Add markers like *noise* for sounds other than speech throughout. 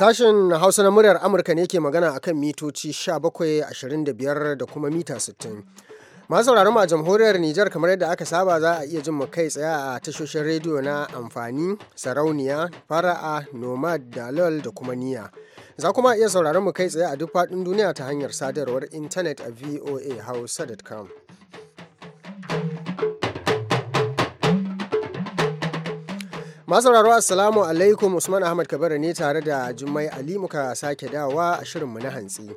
Sashen Hausa na muryar Amurka ne ke magana a kan mitoci 17, da kuma mita 60. Masu sauraron a jamhuriyar Nijar kamar yadda aka saba za a iya jin mu kai tsaye a tashoshin rediyo na amfani, sarauniya, fara'a, nomad, dalol da kuma niya. Za kuma iya sauraron mu kai tsaye a duk faɗin duniya ta hanyar sadarwar intanet a voa voahausa.com. masauraro assalamu alaikum usman ahmad kabara ne tare da jummai ali muka sake dawa a shirinmu na hantsi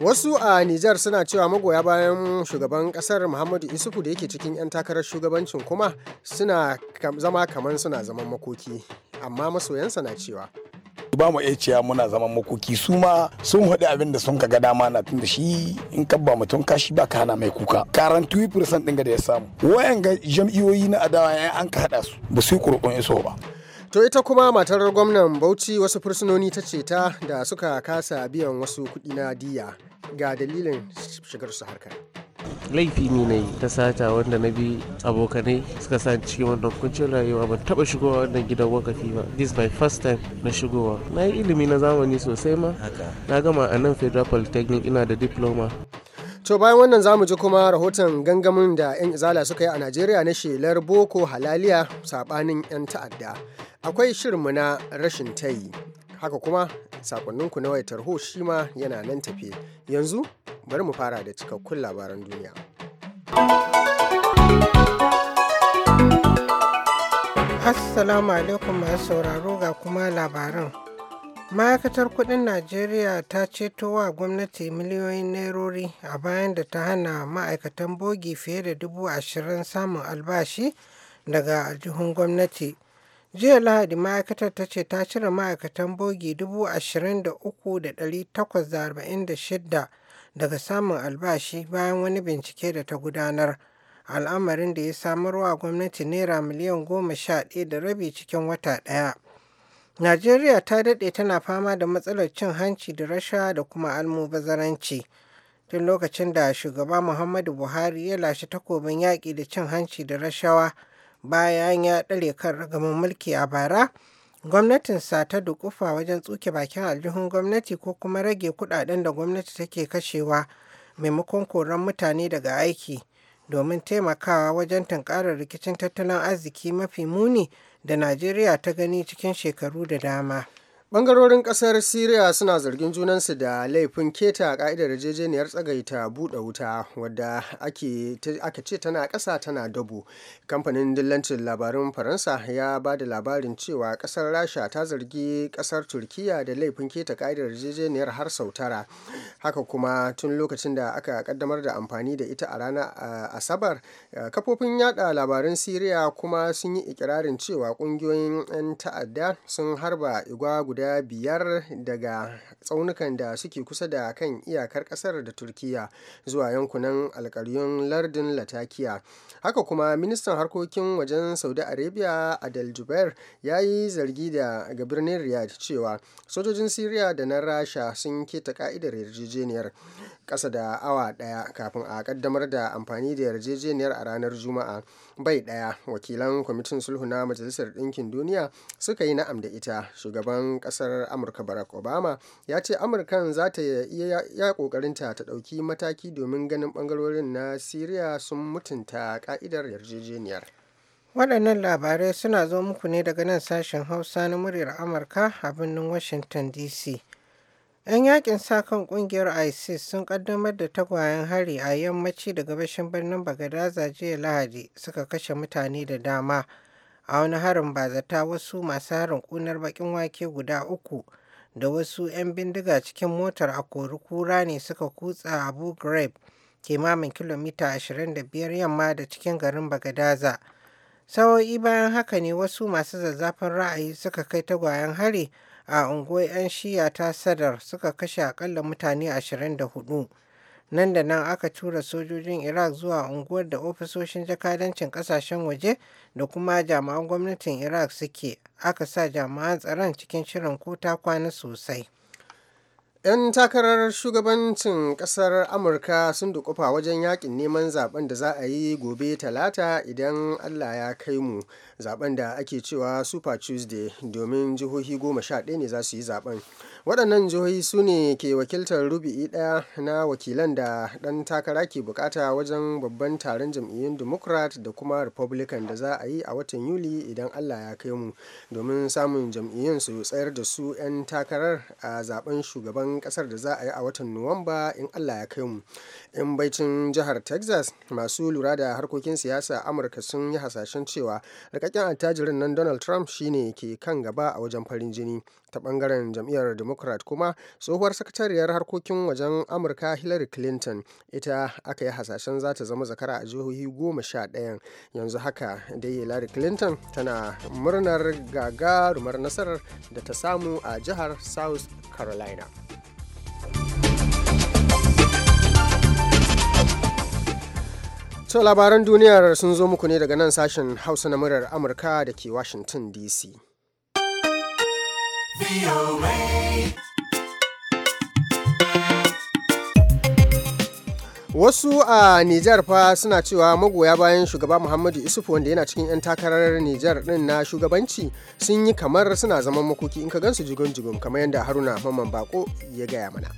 wasu a Nijar suna cewa magoya bayan shugaban kasar Muhammadu Isufu da yake cikin 'yan takarar shugabancin kuma suna zama kamar suna zaman makoki amma masoyansa na cewa ba mu iya cewa muna zaman makoki su ma sun haɗu abin da sun kaga dama na tun da shi in ka ba mutum kashi ba ka hana mai kuka karan 2% ɗin da ya samu wayan ga jam'iyoyi na adawa ya an ka haɗa su ba su yi kurkun iso ba To ita kuma matar gwamnan Bauchi wasu fursunoni ta ce ta da suka kasa biyan wasu kuɗi na diya ga dalilin shigar su harka. laifi ne na ta sata wanda na bi abokanai suka sa cikin wannan kuncin rayuwa ban taba shigowa wannan gidan wakafi ba this my first time na shigowa na yi ilimi na zamani sosai ma na gama a nan federal polytechnic ina da diploma To bayan wannan zamu mu ji kuma rahoton gangamin da 'yan izala suka yi a Najeriya na shelar boko halaliya sabanin 'yan ta'adda. Akwai mu na rashin tayi. haka kuma sakonninku na wayar tarho shi ma yana nan tafe yanzu bari mu fara da cikakkun labaran duniya assalamu alaikum masu sauraro ga kuma labaran ma'aikatar kudin najeriya ta ceto wa gwamnati miliyoyin nairori a bayan da ta hana ma'aikatan bogi fiye da dubu ashirin samun albashi daga aljihun gwamnati Jiya Lahadi ma'aikatar ta ce ta cire ma'aikatan bogi 23,846 daga samun albashi bayan wani bincike da ta gudanar, al'amarin da ya samarwa wa gwamnati Naira miliyan goma sha ɗaya da rabi cikin wata ɗaya. Najeriya ta daɗe tana fama da matsalar cin hanci da rasha da kuma almubazaranci. Tun lokacin da shugaba Muhammadu Buhari ya lashe takobin yaƙi da cin hanci da rashawa bayan ya ɗare kan ragamin mulki a bara gwamnatinsa ta dukufa wajen tsuke bakin aljihun gwamnati ko kuma rage kudaden da gwamnati take kashewa maimakon koran mutane daga aiki domin taimakawa wajen tunkarar rikicin tattalin arziki mafi muni da najeriya ta gani cikin shekaru da dama Bangarorin kasar Siriya suna zargin junansu da laifin keta ka'idar yarjejeniyar tsagaita buɗe wuta wadda aka ce tana ƙasa tana dabo. Kamfanin dillancin labarin Faransa ya ba da labarin cewa ƙasar Rasha ta zargi ƙasar Turkiya da laifin keta ka'idar yarjejeniyar har sau tara. Haka kuma tun lokacin da aka kaddamar da amfani da ita a ranar Asabar, kafofin yada labarin Siriya kuma sun yi ikirarin cewa ƙungiyoyin 'yan ta'adda sun harba igwa guda guda biyar daga tsaunukan da suke kusa da kan iyakar kasar da turkiya zuwa yankunan alkaryun lardin latakiya haka kuma ministan harkokin wajen saudi arabia adal jubair ya yi zargi da ga birnin riyadh cewa sojojin syria da na rasha sun keta ka'idar yarjejeniyar ƙasa da awa ɗaya kafin a ƙaddamar da amfani da yarjejeniyar a ranar juma'a bai ɗaya wakilan kwamitin sulhu na majalisar ɗinkin duniya suka yi na'am da ita shugaban ƙasar amurka barack obama ya ce amurkan za ta iya ƙoƙarinta ta ɗauki mataki domin ganin ɓangarorin na siriya sun mutunta ƙa'idar yarjejeniyar waɗannan labarai suna zo muku ne daga nan sashen hausa na muryar amurka a birnin washington dc 'Yan yakin sa kan kungiyar ISIS sun kaddamar da tagwayen hari a yammaci da gabashin birnin Bagadaza jiya Lahadi suka kashe mutane da dama a wani harin ba-zata wasu masu harin kunar bakin wake guda uku da wasu 'yan bindiga cikin motar a korukura ne suka kutsa Abu Ghraib kimamin kilomita 25 yamma da cikin garin Bagadaza. Sawo'i bayan haka ne wasu masu zazzafin ra'ayi suka kai tagwayen hari a unguwar 'yan shiya ta sadar suka kashe akalla mutane 24 nan da nan aka tura sojojin iraq zuwa unguwar da ofisoshin jakadancin kasashen waje da kuma jami'an gwamnatin iraq suke aka sa jami'an tsaron cikin shirin ko ta kwana sosai 'Yan takarar shugabancin kasar Amurka sun dukufa wajen yakin neman zaben da za a yi gobe talata idan Allah ya kai mu zaben da ake cewa Super Tuesday domin jihohi goma sha ɗaya ne za su yi zaben. waɗannan jihohi su ne ke wakiltar rubi'i ɗaya na wakilan da ɗan takara ke bukata wajen babban taron jam'iyyun democrat da kuma republican da za a yi a watan yuli idan allah ya kai mu domin samun jam'iyyun su tsayar da su 'yan takarar a zaben shugaban ƙasar da za a yi a watan nuwamba in allah ya kai mu in baicin jihar texas masu lura da harkokin siyasa amurka sun yi hasashen cewa rikakken attajirin nan donald trump shine ke kan gaba a wajen farin jini ta bangaren jam'iyyar democrat kuma tsohuwar sakatariyar harkokin wajen amurka hillary clinton ita aka yi hasashen za ta zama zakara a jihohi goma sha ɗayan yanzu haka dai hillary clinton tana murnar gagarumar nasarar da ta samu a jihar south carolina To labaran duniyar sun zo muku ne daga nan sashen Hausa na murar Amurka da ke Washington DC. Wasu a Nijar fa suna cewa magoya bayan shugaba Muhammadu Isufu wanda yana cikin 'yan takarar Nijar din na shugabanci sun yi kamar suna zaman makoki in ka gansu jigon-jigon kamar yadda Haruna Mamman Bako ya gaya mana.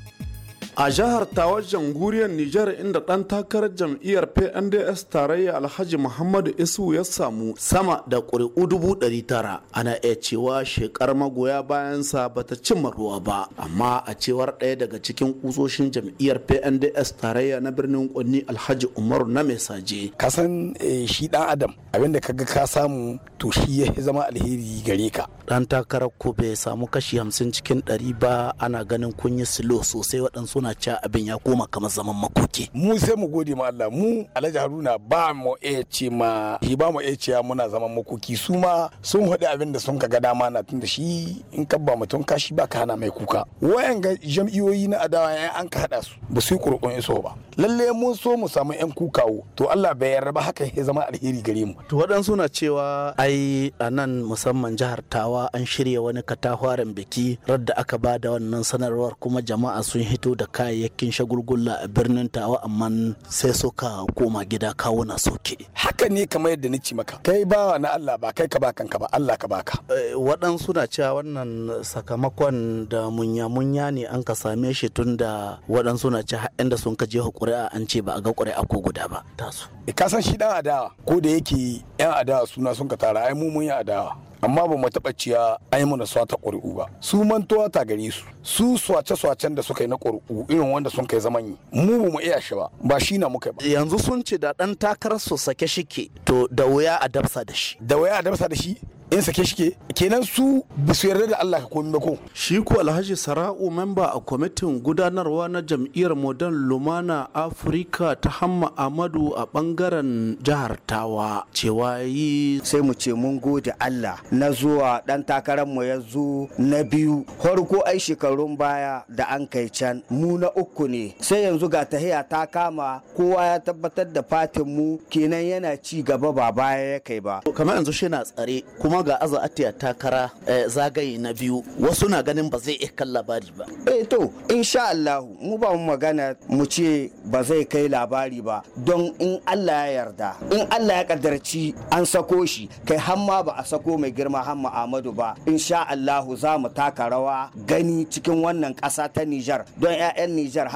a jihar tawar guriyar nijar inda ɗan takarar jam'iyyar pnds tarayya alhaji muhammadu isu ya samu sama da ƙuri'u dubu ɗari tara ana iya cewa shekar magoya bayansa ba ta cimma ruwa ba amma a cewar ɗaya daga cikin kusoshin jam'iyyar pnds tarayya na birnin kwanni alhaji umaru na mesaje kasan eh, shi ɗan adam abinda kaga ka samu to shi ya zama alheri gare ka ɗan takarar ko bai samu kashi hamsin cikin ɗari ba ana ganin kun yi silo sosai waɗansu suna cewa abin ya koma kamar zaman makoki mu sai mu gode ma Allah mu Alhaji Haruna ba mu iya ce ma shi ba mu iya cewa muna zaman makoki su ma sun haɗu abin da sun ga dama na tunda shi in ka ba mutum kashi ba ka hana mai kuka wayan ga jam'iyoyi na adawa ya an ka haɗa su ba su yi kurkun iso ba lalle mun so mu samu yan kukawo to Allah bai yarda ba haka ya zama alheri gare mu to waɗansu na cewa ai a nan musamman jihar Tawa an shirya wani katahwaren biki radda aka ba da wannan sanarwar kuma jama'a sun hito da kayayyakin shagulgula a birnin tawa amma sai so ka koma gida kawo na soke haka ne kamar yadda ni ci maka kai ba na Allah ba kai ka ba kanka ba Allah ka baka eh, waɗansu na cewa wannan sakamakon da munya munya ne an ka same shi tunda da waɗansu na cewa inda sun ka je ƙuri'a an ce ba a ga ƙuri'a ko guda ba tasu e, ka san shi dan adawa ko da yake yan adawa suna sun ka tara ai mu mun yi adawa amma ba mu taɓa ciya an yi mana swata ƙuri'u ba su mantuwa ta gare su su swace-swacen da suka yi na ƙuri'u irin wanda sun kai zaman yi mu ba mu iya shi ba ba shi na muka ba yanzu sun ce da ɗan takarar su sake shike to da wuya a dafsa da shi da wuya a dafsa da shi in sake shi ke kenan su bisu yarda da Allah ka komi ba ko shi ko Alhaji Sara'u memba a kwamitin gudanarwa na jam'iyyar Modern Lumana Afirka ta Hamma Amadu a bangaren jihar Tawa cewa yi sai mu ce mun gode Allah na zuwa dan takarar mu ya zo na biyu farko ai shekarun baya da an kai can mu na uku ne sai yanzu ga tahiya ta kama kowa ya tabbatar da fatin mu kenan yana ci gaba ba baya ya kai ba kamar yanzu shi na tsare kuma kuma ga aza atiya takara eh, zagaye na biyu wasu na ganin ba zai iya kan labari ba eh to insha Allah mu ba mu magana mu ce ba zai kai labari ba don in Allah ya yarda in Allah ya kaddarci an sako shi kai hamma ba a sako mai girma hamma Ahmadu ba insha Allah za mu taka rawa gani cikin wannan ƙasa ta Nijar don 'ya'yan Nijar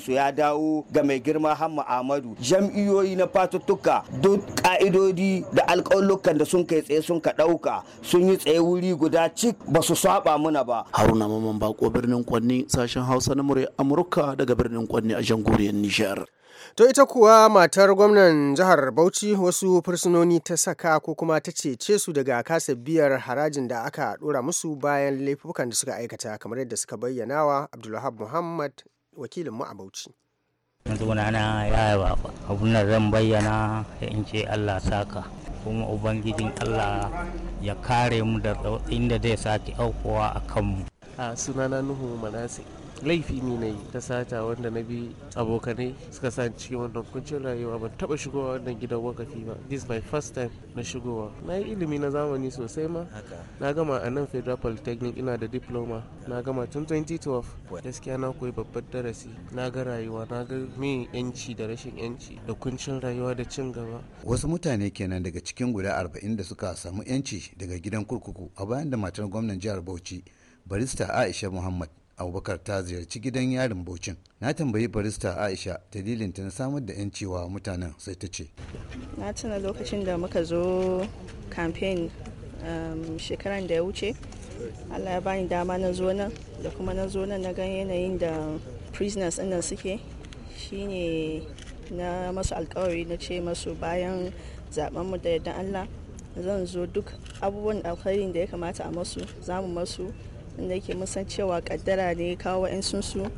su ya dawo ga mai girma hamma Ahmadu jam'iyoyi na fatuttuka duk ka'idodi da alƙalukan da sun kai tsaye sun ka ɗauka duka sun yi tsaye wuri guda cik ba su saba muna ba haruna maman bako birnin kwanni sashen hausa na murya amurka daga birnin kwanni a jangoriyar nijar To ita kuwa matar gwamnan jihar Bauchi wasu fursunoni ta saka ko kuma ta cece su daga kasa biyar harajin da aka dora musu bayan laifukan da suka aikata kamar yadda suka bayyana wa Abdulwahab Muhammad wakilinmu a Bauchi. sunana ya yi bafa abin zan bayyana in ce Allah saka kuma ubangijin Allah ya kare mu da inda zai sake aukuwa a kanmu a sunana nuhu Malasi laifi ne na yi ta sata wanda na bi abokanai suka sa cikin wannan kuncin rayuwa ban taba shigowa wannan gidan wakafi ba this my first time na shigowa na yi ilimi na zamani sosai ma na gama a nan federal polytechnic ina da diploma na gama tun 2012 gaskiya na koyi babbar darasi na ga rayuwa na ga min yanci da rashin yanci da kuncin rayuwa da cin gaba wasu mutane kenan daga cikin guda 40 da suka samu yanci daga gidan kurkuku a bayan da matar gwamnan jihar bauchi barista aisha muhammad abubakar ta ziyarci gidan yarin bocin na tambayi barista aisha dalilin ta na samar da 'yanci wa mutanen sai ta ce na tuna lokacin da muka zo kamfen um, shekaran da ya wuce allah ya bani dama na zo nan da kuma na zo nan na gan yanayin da prisoners nan suke shine na masu alkawari na ce masu bayan zaben mu da yadda allah zan zo duk abubuwan alkawarin da ya kamata a masu zamu masu inda ke musan cewa kaddara ne kawo su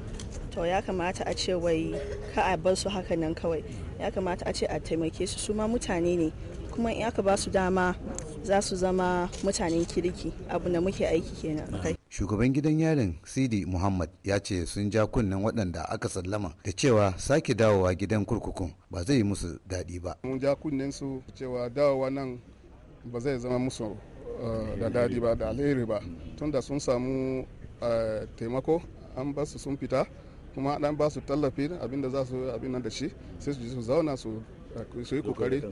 to ya kamata a ce wai ka a bar su haka nan kawai ya kamata a ce a taimake su su ma mutane ne kuma in aka ba su dama za su zama mutanen kirki abu da muke aiki kenan shugaban gidan yarin sidi muhammad ya ce sun ja kunnen waɗanda aka sallama da cewa sake dawowa gidan kurkukun ba zai yi musu daɗi ba mun ja kunnen su cewa dawowa nan ba zai zama musu Eh, da dadi ba da alheri ba tunda sun samu eh, taimako an ba su sun fita kuma dan ba su tallafi da za su abin nan da shi sai su zauna eh, su yi kokari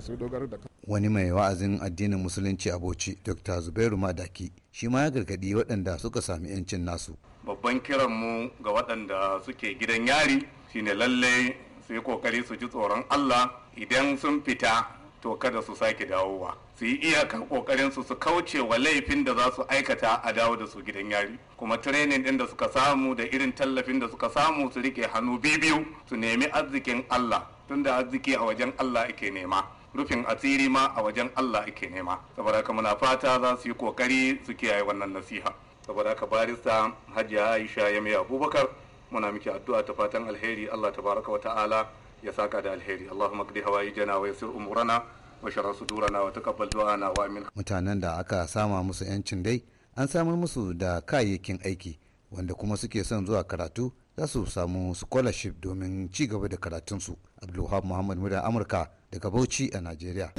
su dogara da wani mai wa'azin addinin musulunci a bauchi dr zubairu madaki shi ma ya gargadi waɗanda suka sami 'yancin nasu babban kiran mu ga waɗanda suke gidan yari shine lalle su yi kokari su ji tsoron allah idan sun fita to kada su sake dawowa su yi iyakar kokarin su su kauce wa laifin da za su aikata a dawo da su gidan yari kuma training din da suka samu da irin tallafin da suka samu su rike hannu biyu su nemi arzikin Allah tunda arziki a wajen Allah ake nema rufin asiri ma a wajen Allah ake nema saboda haka muna fata za su yi kokari su kiyaye wannan nasiha saboda haka barista Hajiya Aisha Yamiya Abubakar muna miki addu'a ta fatan alheri Allah tabaraka wa ta'ala ya saka da alheri Allahumma qdi hawaijana wa yassir umurana wa sharra sudurana wa taqabbal du'ana wa amin mutanen da aka sama musu yancin dai an samar musu da kayayyakin aiki wanda kuma suke son zuwa karatu za su samu scholarship domin ci gaba da karatunsu abdulwahab muhammad muda amurka daga bauchi a nigeria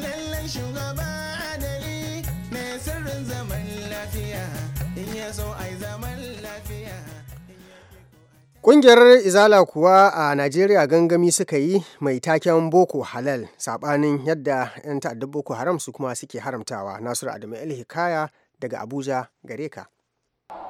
shugaba Ƙungiyar Izala kuwa a Najeriya gangami suka yi mai taken Boko Halal saɓanin yadda 'yan ta'addar Boko Haram su kuma suke haramtawa Nasiru Adamu El Hikaya daga Abuja gare ka.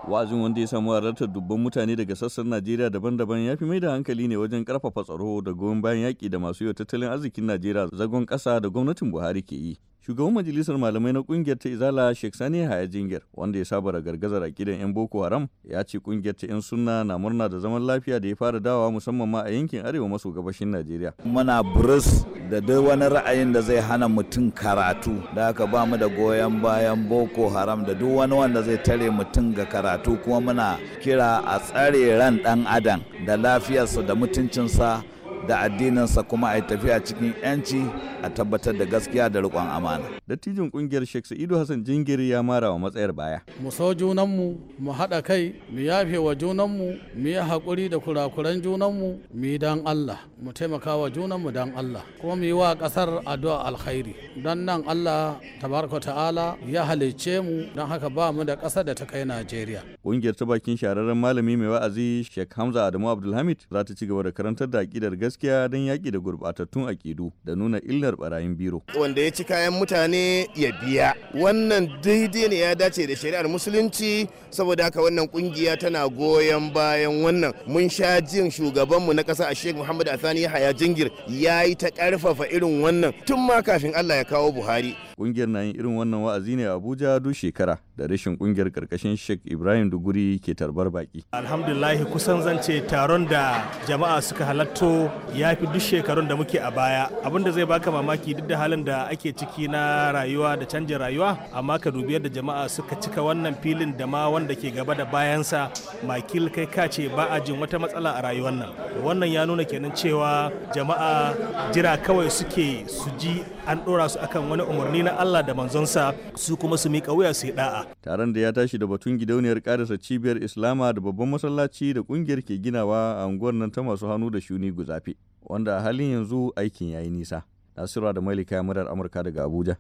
wa'azin wanda ya samu halartar dubban mutane daga sassan najeriya daban-daban ya fi mai da hankali ne wajen karfafa tsaro da goyon bayan yaƙi da masu yau tattalin arzikin najeriya zagon ƙasa da gwamnatin buhari ke yi shugaban majalisar malamai na kungiyar ta izala sheikh sani haya jingir wanda ya saba da a gidan yan boko haram ya ce kungiyar ta yan sunna na murna da zaman lafiya da ya fara dawa musamman ma a yankin arewa maso gabashin najeriya muna burus da duk wani ra'ayin da zai hana mutum karatu da haka ba mu da goyon bayan boko haram da duk wani wanda zai tare mutum ga karatu kuma muna kira a tsare ran dan adam da lafiyarsa da mutuncinsa da addininsa kuma a yi tafiya cikin 'yanci a tabbatar da gaskiya da rikon amana. Dattijin ƙungiyar Sheikh Sa'idu Hassan Jingiri ya mara wa matsayar baya. Mu so junanmu, mu haɗa kai, mu yafe wa junanmu, mu yi hakuri da kurakuran junanmu, mu yi dan Allah, mu taimaka wa junanmu dan Allah, kuma mu yi wa kasar addu'a alkhairi. Don nan Allah tabaraka ta'ala ya halicce mu don haka ba mu da ƙasa da ta kai Najeriya. Ƙungiyar ta bakin shahararren malami mai wa'azi Sheikh Hamza Adamu Abdulhamid za ta ci gaba da karantar da aƙidar gaskiya gaskiya don yaƙi da gurɓatattun aƙidu da nuna illar barayin biro. Wanda ya ci kayan mutane ya biya. Wannan daidai ne ya dace da shari'ar musulunci saboda haka wannan kungiya tana goyon bayan wannan. Mun sha jin shugabanmu na ƙasa a Sheikh Muhammad Athani Haya Jingir ya yi ta ƙarfafa irin wannan tun ma kafin Allah ya kawo Buhari. Ƙungiyar na yin irin wannan wa'azi ne a Abuja duk shekara da rashin kungiyar karkashin Sheikh Ibrahim Duguri ke tarbar baki. Alhamdulillah kusan zance taron da jama'a suka halatto ya fi duk shekarun da muke a baya. Abin da zai baka mamaki duk da halin da ake ciki na rayuwa da canjin rayuwa amma ka dubi yadda jama'a suka cika wannan filin da ma wanda ke gaba da bayansa makil kai ka ce ba a jin wata matsala a rayuwar nan. Wannan ya nuna kenan cewa jama'a jira kawai suke su ji an ɗora su akan wani umarni na Allah da manzonsa su kuma su miƙa wuya su yi da'a. Taron da ya tashi da batun gidauniyar karasa cibiyar Islama da babban masallaci da kungiyar ke ginawa a unguwar nan ta masu hannu da shuni guzafe wanda a halin yanzu aikin ya yi nisa. Nasiru da Malika murar Amurka daga Abuja.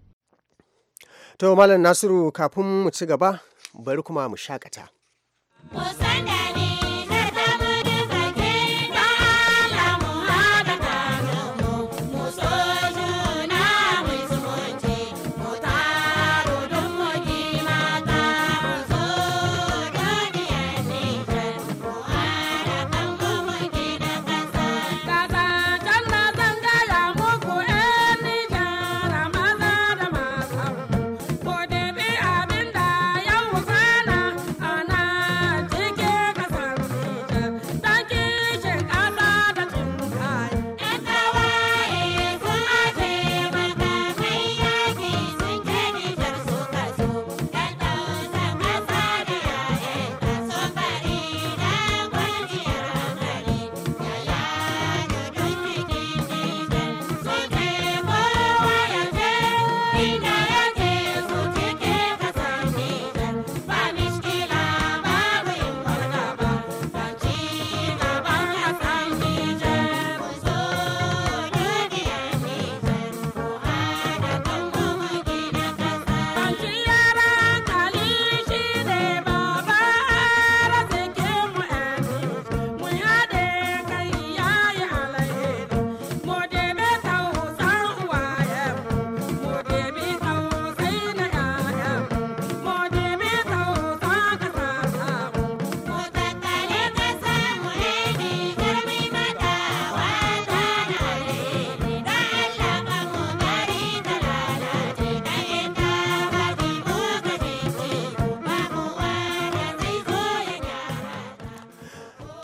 To Malam Nasiru kafin mu ci gaba bari kuma mu shakata.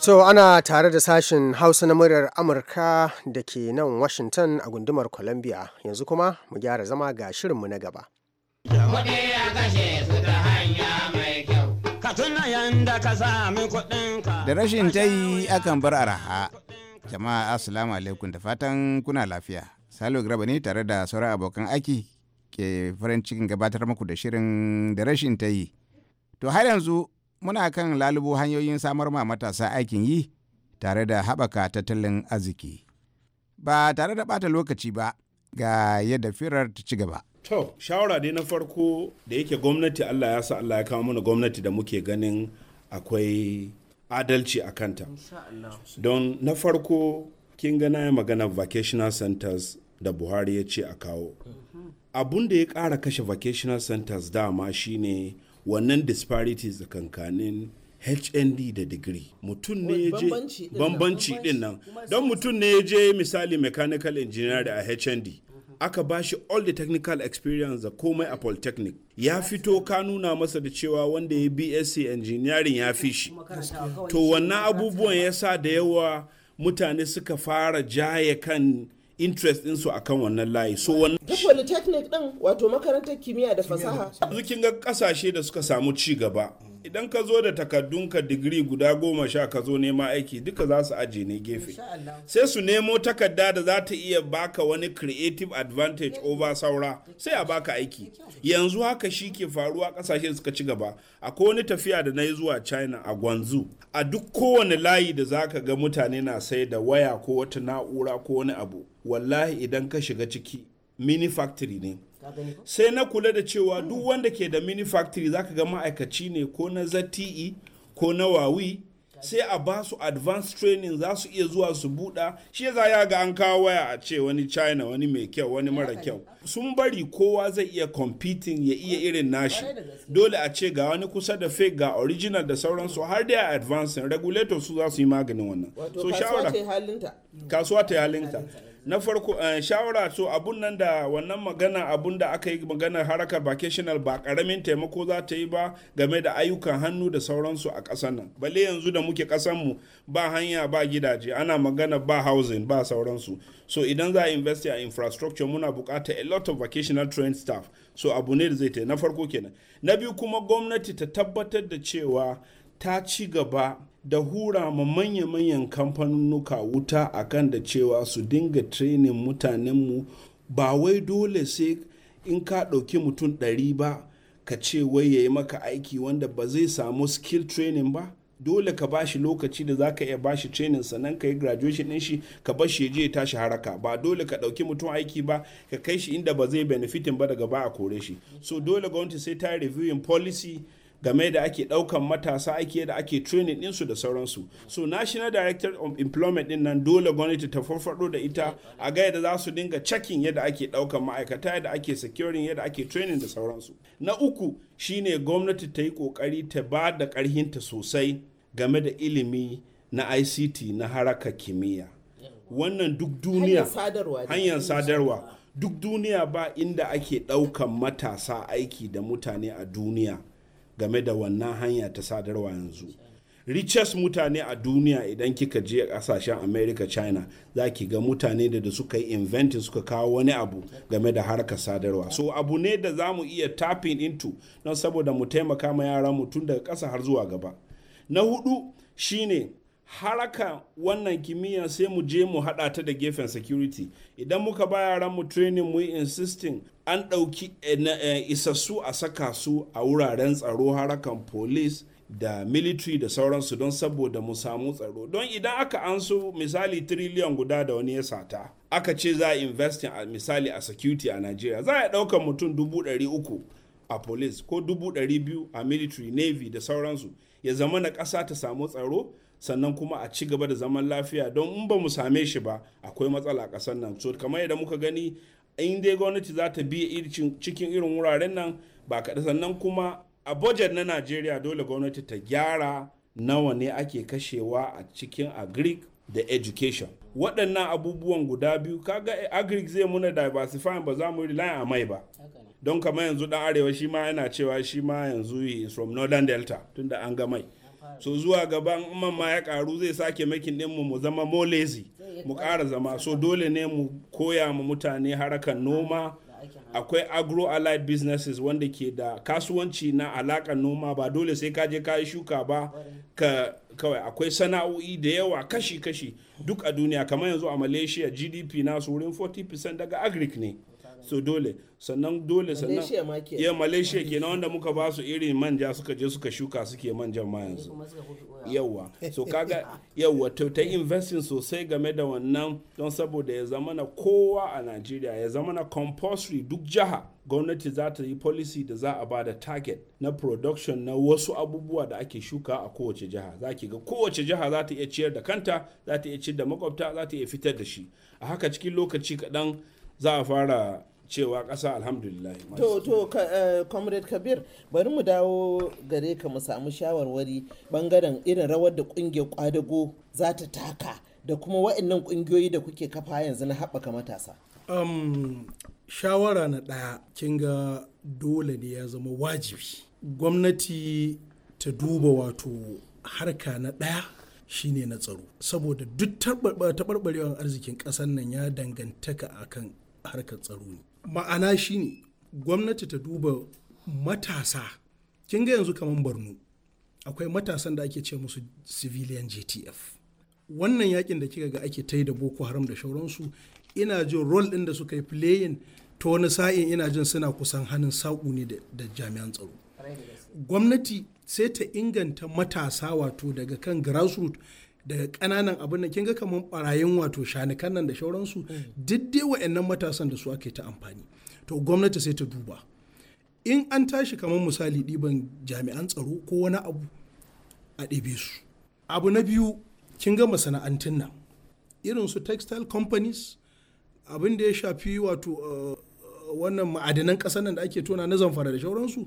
To ana tare da sashen Hausa na muryar Amurka da ke nan Washington a gundumar Columbia yanzu kuma mu gyara zama ga shirinmu na gaba. Da rashin ta hanya tayi akan bar araha. Jama'a Assalamu alaikum da fatan kuna lafiya. Salo Graba ne tare da sauran abokan aiki ke farin cikin gabatar muku da shirin da rashin ta yi To har yanzu muna kan lalubo hanyoyin samar ma matasa aikin yi tare da haɓaka tattalin arziki. Ba tare da ɓata lokaci ba ga yadda firar ta ci gaba. To, shawara dai na farko da yake gwamnati Allah ya sa Allah ya kawo mana gwamnati da muke ganin akwai adalci a kanta. Don na farko kin gana ya magana vocational centers da Buhari ya ce a kawo. Mhm. Abun da ya ƙara kashe vocational centers dama shine wannan disparities da kankanin hnd da degree mutum ne ya je bambanci din nan don mutum ne ya je misali mechanical engineer da a hnd aka ba shi all the technical experience da komai a polytechnic ya fito ka nuna masa da cewa wanda ya bsc engineering ya fi shi to wannan abubuwan ya sa da yawa mutane suka fara jaye kan interest ɗinsu a kan wannan layi so wannan duk polytechnic ɗin wato makarantar kimiyya da fasaha yanzu kin ga ƙasashe da suka samu ci gaba idan ka zo da takardunka digiri guda goma sha ka zo nema aiki duka za su aje ne gefe sai su nemo takarda da za ta iya baka wani creative advantage over saura sai a baka aiki yanzu haka shi ke faruwa kasashe suka ci gaba akwai wani tafiya da na yi zuwa china a gwanzu a duk kowane layi da za ka ga mutane na sai da waya ko wata na'ura ko wani abu wallahi idan ka shiga ciki mini factory ne sai na kula da cewa duk wanda ke da mini factory zaka ga ma'aikaci ne ko na zte ko na wawi sai a ba su advanced training za su iya zuwa su buɗa shi ya ya ga an kawo waya a ce wani china wani mai kyau wani mara kyau sun bari kowa zai iya competing ya iya irin nashi dole a ce ga wani kusa da fake ga original da sauransu har da a advancing regulator su za su yi maganin wannan so shawara kasuwa ta halinta na farko eh, shawara so abun nan da wannan magana abun da aka yi maganar harakar vacational ba karamin taimako za ta yi ba game da ayyukan hannu da sauransu a ƙasar nan balle yanzu da muke mu ba hanya ba gidaje ana magana ba housing ba sauransu so idan za a invest a infrastructure muna buƙatar a lot of vocational trained staff so abu ne da zai ta na farko kenan na biyu kuma gwamnati ta tabbatar da cewa ta ci gaba da hura ma manya-manyan kamfanunuka wuta akan da cewa su dinga trenin mutanenmu ba wai dole sai in ka ɗauki mutum ɗari ba ka ce wai ya yi maka aiki wanda ba zai samu skill training ba dole ka bashi lokaci da za ka iya bashi training sannan ka yi graduation din shi ka bar shi je ya tashi haraka ba dole ka ɗauki mutum aiki ba ka kai shi inda ba zai benefitin ba daga ba a kore shi so dole gwamnati sai ta reviewing policy game da ake daukan matasa aiki da ake training ɗinsu da sauransu so national director of employment din nan dole gwamnati ta farfado da ita a ga yadda za su dinga checking yadda ake daukan ma'aikata yadda ake securing yadda ake training da sauransu na uku shine gwamnati ta yi kokari ta ba da karhinta sosai game da ilimi na ict na haraka kimiyya wannan duk duniya hanyar sadarwa duk duniya ba inda ake ɗaukan matasa aiki da mutane a duniya game da wannan hanya ta sadarwa yanzu richest mutane a duniya idan kika je kasashen america china za ki ga mutane da da suka yi inventing suka kawo wani abu game da harkar sadarwa so abu ne da za mu iya tapping into don saboda mu taimaka ma yaran mu tun daga ƙasa har zuwa gaba na hudu shine haraka wannan kimiyya sai mu je mu hada ta da gefen security idan muka ba yaran mu training mu insisting an ɗauki eh, eh, isassu a saka su a wuraren tsaro harakan police da military da sauransu don saboda mu samu tsaro don idan aka ansu misali triliyan guda da wani ya sata aka ce za a investing a misali a security a nigeria za a dauka mutum dubu uku a police ko dubu a military navy da sauransu ya zama na kasa ta samu tsaro sannan kuma a ci gaba da zaman lafiya don in ba mu same shi ba akwai matsala a ƙasar nan so kamar yadda muka gani in dai gwamnati za ta biya cikin irin wuraren nan ba kaɗa sannan kuma a budget na najeriya dole gwamnati ta gyara nawa ne ake kashewa a cikin agric da education waɗannan abubuwan guda biyu kaga agric zai muna diversifying ba za mu yi rely a mai ba don kamar yanzu dan arewa shi ma yana cewa shi ma yanzu from northern delta tunda an ga mai so zuwa gaban man ma ya karu zai sake makin din mu zama molezi mu kara zama so dole ne mu koya mu mutane harakan noma akwai agro allied businesses wanda ke da kasuwanci na alakan noma ba dole sai ka je ka yi shuka ba ka kawai akwai sana'o'i da yawa kashi-kashi duk a duniya kamar yanzu a malaysia gdp na wurin 40% daga agric ne so dole sannan dole sannan ya malaysia kenan wanda muka ba su irin manja suka je suka shuka suke manjan ma yanzu yawwa so *laughs* kaga yawwa to ta investing sosai game da wannan don saboda ya zama na kowa a nigeria ya zama na compulsory duk jiha gwamnati za ta yi policy da za a ba da target na production na wasu abubuwa da ake shuka a kowace jiha za ki ga kowace jiha za ta iya ciyar da kanta za ta iya ciyar da makwabta za ta iya fitar da shi a haka cikin lokaci kaɗan za a fara cewa ƙasa alhamdulillah to to eh, comrade kabir bari mu dawo gare ka mu samu shawarwari bangaren irin rawar da ƙungiyar kwadago za ta taka da kuma wa'annan ƙungiyoyi da kuke kafa yanzu na haɓaka matasa shawara na ɗaya kin ga dole ne ya zama wajibi gwamnati ta duba wato harka na ɗaya shine na tsaro saboda duk taɓarɓarewar arzikin ƙasar nan ya dangantaka akan harkar tsaro ne ma'ana shi ne gwamnati ta duba matasa kin ga yanzu kamar borno akwai matasan da ake ce musu civilian gtf wannan yakin da kika ga ake tai da boko haram da shauransu ina jin rol din da suka yi playing ta wani sa'in ina jin suna kusan hannun saƙu ne da jami'an tsaro gwamnati sai ta inganta matasa wato daga kan grassroots daga kananan abin nan kin ga kamar barayin wato shanukan nan da shauransu mm. duk dai wa'annan matasan da su ake ta amfani to gwamnati sai ta duba in an tashi kamar misali ɗiban jami'an tsaro ko wani abu a ɗebe su abu na biyu kin ga masana'antun nan irin su textile companies abin da ya shafi wato uh, uh, wannan ma'adanan ƙasar nan da ake tona na zamfara da shauransu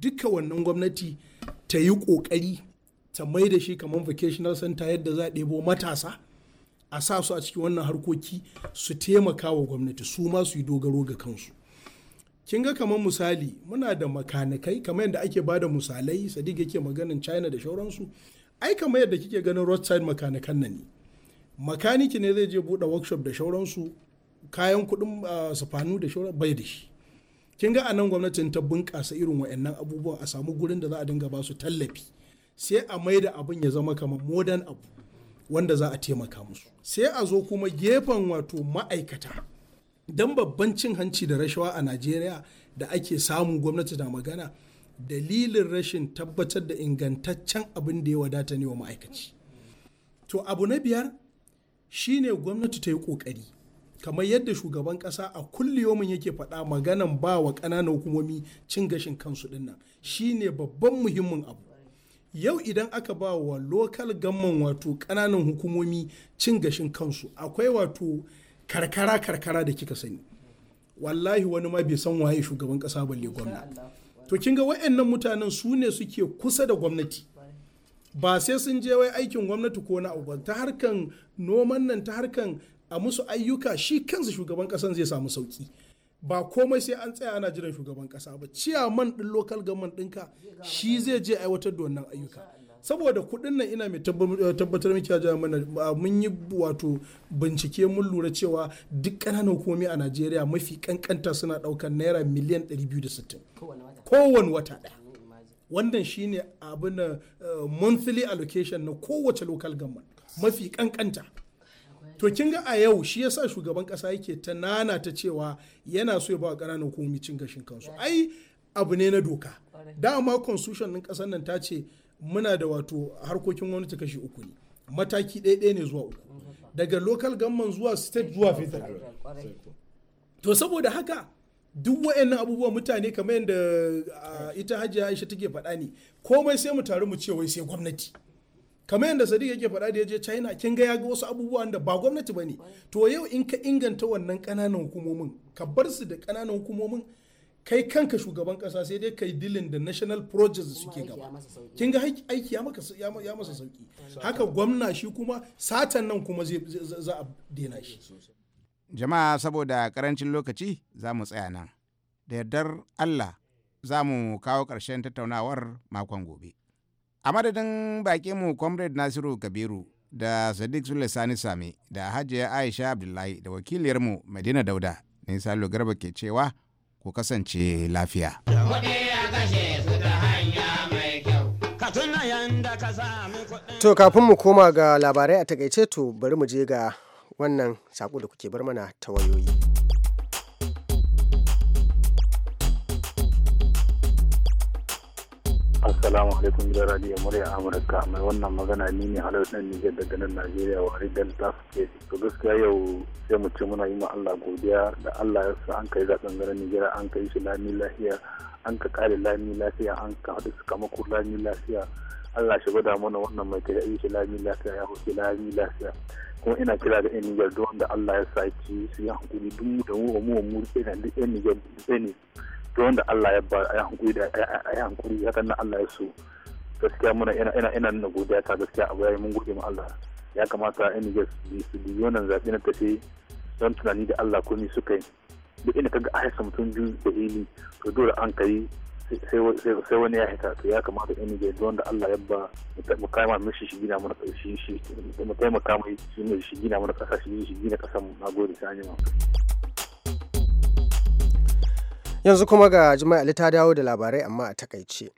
duka wannan gwamnati ta yi ƙoƙari ta mai da shi kamar vocational center yadda za a ɗebo matasa a sa su a cikin wannan harkoki su taimaka wa gwamnati su ma su yi dogaro ga kansu kin ga kamar misali muna da makanikai kamar yadda ake ba da misalai sadiq yake maganin china da shauransu ai kamar yadda kike ganin roadside makanikan nan ne makaniki ne zai je buɗe workshop da shauransu kayan kuɗin sufanu da shauran bai da shi kin ga anan gwamnatin ta bunƙasa irin wa'annan abubuwan a samu gurin da za a dinga ba su tallafi sai a mai da abin ya zama kamar modern abu wanda za a taimaka musu sai a zo kuma gefen wato ma'aikata don babban cin hanci da rashawa a najeriya da ake samun gwamnati na magana dalilin rashin tabbatar da ingantaccen abin da ya wadata ne wa ma'aikaci to abu na biyar shine gwamnati ta yi kokari kamar yadda shugaban kasa a kulliyomin yake faɗa maganan ba wa ƙananan hukumomi cin gashin kansu dinnan shine babban muhimmin abu yau idan aka ba wa lokal gamman wato kananan hukumomi cin gashin kansu akwai wato karkara karkara da kika sani wallahi wani ma bai san waye shugaban ƙasa balle gwamna to kin ga waɗannan mutanen su ne suke kusa da gwamnati ba sai sun je wai aikin gwamnati ko na abu ta harkan noman nan ta harkan a musu ayyuka shi kansa shugaban ƙasan zai samu sauki ba komai sai an tsaya ana jiran shugaban kasa ba ciyaman ɗin local government ɗinka shi zai je aiwatar da wannan ayyuka saboda kuɗin nan ina mai tabbatar miki a mana mun yi wato bincike mun lura cewa duk ƙananan hukumomi a najeriya mafi kankanta suna ɗaukar naira miliyan 260 kowane wata ɗaya wannan shine abin eh, monthly allocation na kowace lokal government mafi kankanta to kin ga a yau shi yasa shugaban kasa yake ta nana ta cewa yana so ya ba ƙananan hukumomi cin gashin kansu ai abu ne na doka dama constitution din ƙasar nan ta ce muna da wato harkokin wani ta kashi uku ne mataki ɗaya ne zuwa uku mhm. daga local government zuwa state zuwa federal to saboda haka duk wa'annan abubuwa mutane kamar yadda ah, ita hajiya aisha take faɗa ne komai sai mu taru mu ce wai sai gwamnati kamar yadda sadiq yake faɗa da ya je china kin ga ya ga wasu abubuwan da ba gwamnati ba ne to yau in ka inganta wannan ƙananan hukumomin ka bar su da ƙananan hukumomin kai kanka shugaban ƙasa sai dai kai dilin da national projects suke gaba kin ga aiki ya masa sauki haka gwamna shi kuma satan nan kuma za a dena shi jama'a saboda karancin lokaci za mu tsaya nan da yardar allah za mu kawo karshen tattaunawar makon gobe a madadin mu comrade nasiru kabiru da sadiq sule sani sami da hajiya aisha abdullahi da wakiliyarmu madina dauda ne salo garba ke cewa ku kasance lafiya to kafin mu koma ga labarai a takaice to bari mu je ga wannan sako da kuke bar mana ta wayoyi Assalamu alaikum da radiyo murya Amurka mai wannan magana ni ne halar dan Niger daga nan Najeriya wa wari Delta State. To gaskiya yau sai mu ce muna yi ma Allah godiya da Allah ya sa an kai zaɓen garin Niger an kai shi lami lafiya an ka kare lami lafiya an ka haɗu su kama sakamako lami lafiya. Allah shi gwada mana wannan mai kai shi lami lafiya ya hoce lami lafiya. Kuma ina kira da 'yan Nijar duk wanda Allah ya sa ki su yi hankuli duk da mu wa mu wa mu duk 'yan Niger duk ne. duk wanda Allah ya ba ya hankuri da ya hankuri ya nan Allah ya so gaskiya muna ina ina ina na godiya ta gaskiya abu yayi mun gode mu Allah ya kamata in ga su biyo nan zabi na tafi don tunani da Allah komai suka yi duk inda kaga aisa mutum biyu da hili to dole an kai sai wani ya hita to ya kamata in ga don da Allah ya ba mu ma mishi shi gina mana shi shi mu taimaka mai shi ne shi gina mana kasa shi shi gina kasa mu nagode sai an yi yanzu kuma ga jima'i ali ta dawo da labarai amma a takaice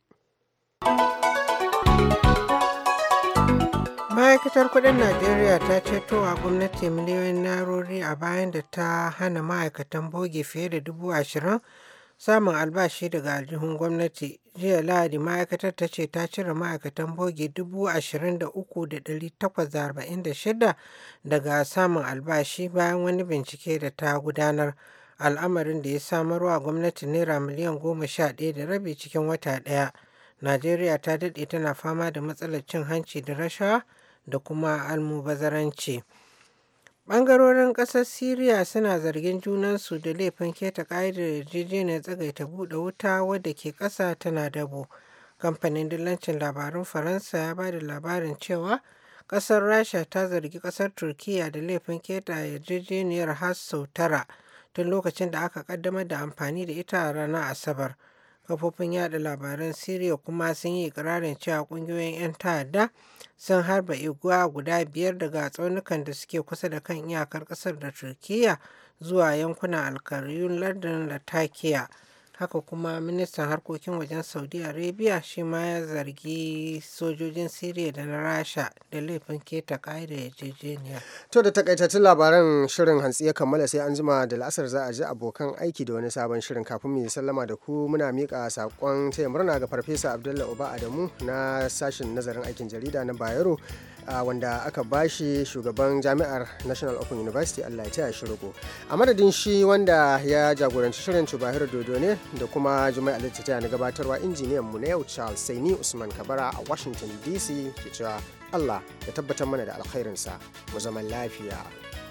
ma'aikatar kudin najeriya ta ceto a gwamnati miliyoyin narori a bayan da ta hana ma'aikatan boge fiye da dubu ashirin samun albashi daga aljihun gwamnati jiya lahadi ma'aikatar ta ce ta cire ma'aikatan boge shida daga samun albashi bayan wani bincike da ta gudanar al'amarin da ya samarwa gwamnati naira miliyan goma sha ɗaya da rabi cikin wata ɗaya najeriya ta daɗe tana fama da matsalar cin hanci da rashawa da kuma almubazaranci ɓangarorin ƙasar syria suna zargin junansu da laifin keta ƙa'idar yarjejeniyar tsagaita buɗe wuta wadda ke ƙasa tana dabo kamfanin dillancin labarun faransa ya ba da labarin cewa ƙasar rasha ta zargi ƙasar turkiya da laifin keta yarjejeniyar har sau tara tun lokacin da aka kaddamar da amfani da ita a ranar Asabar. Kafofin yada labaran Siriya kuma sun yi ikirarin cewa kungiyoyin 'yan ta'adda sun harba iguwa guda biyar daga tsaunukan da suke kusa da kan iyakar kasar da Turkiyya zuwa yankunan alkariyun Lardin Latakia. Haka kuma ministan harkokin wajen Saudi Arabia shi ma ya zargi sojojin Siriya da na Rasha da laifin keta ƙa'idar yarjejeniya. To da takaitattun labaran shirin hantsi ya kammala sai an jima da la'asar za a ji abokan aiki da wani sabon shirin kafin mu yi sallama da ku muna miƙa saƙon taya murna ga Farfesa abdulla Uba Adamu na sashen nazarin aikin jarida na Bayero wanda aka bashi shugaban jami'ar National Open University Allah ya taya shi A madadin shi wanda ya jagoranci shirin Chubahiru Dodo ne da kuma Juma'a Alhaji ta na gabatarwa injiniyan mu na yau Charles Saini Usman Kabara a Washington DC ke cewa Allah ya tabbatar mana da alkhairinsa mu zaman lafiya.